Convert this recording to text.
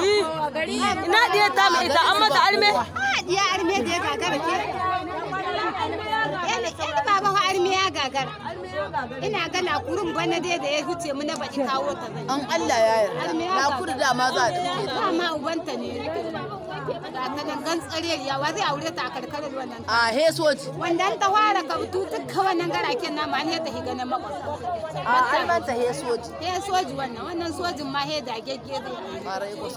Ina diya ta mai ita an mata arme? Diya arme da ya gagara ke. Yan baba fa arme ya gagara. Ina ga dai da ya huce mu na baki kawo ta zai. An Allah ya yarda. da ma za ta huce. Dama ubanta ne. Ga ta gangan wa zai aure ta a karkarar wannan. A he soji. Wannan ta fara kautu duka wannan garaken nama ne ta higa na makwabta. A an ta he soji. He soji wannan wannan sojin ma he dagegge zai.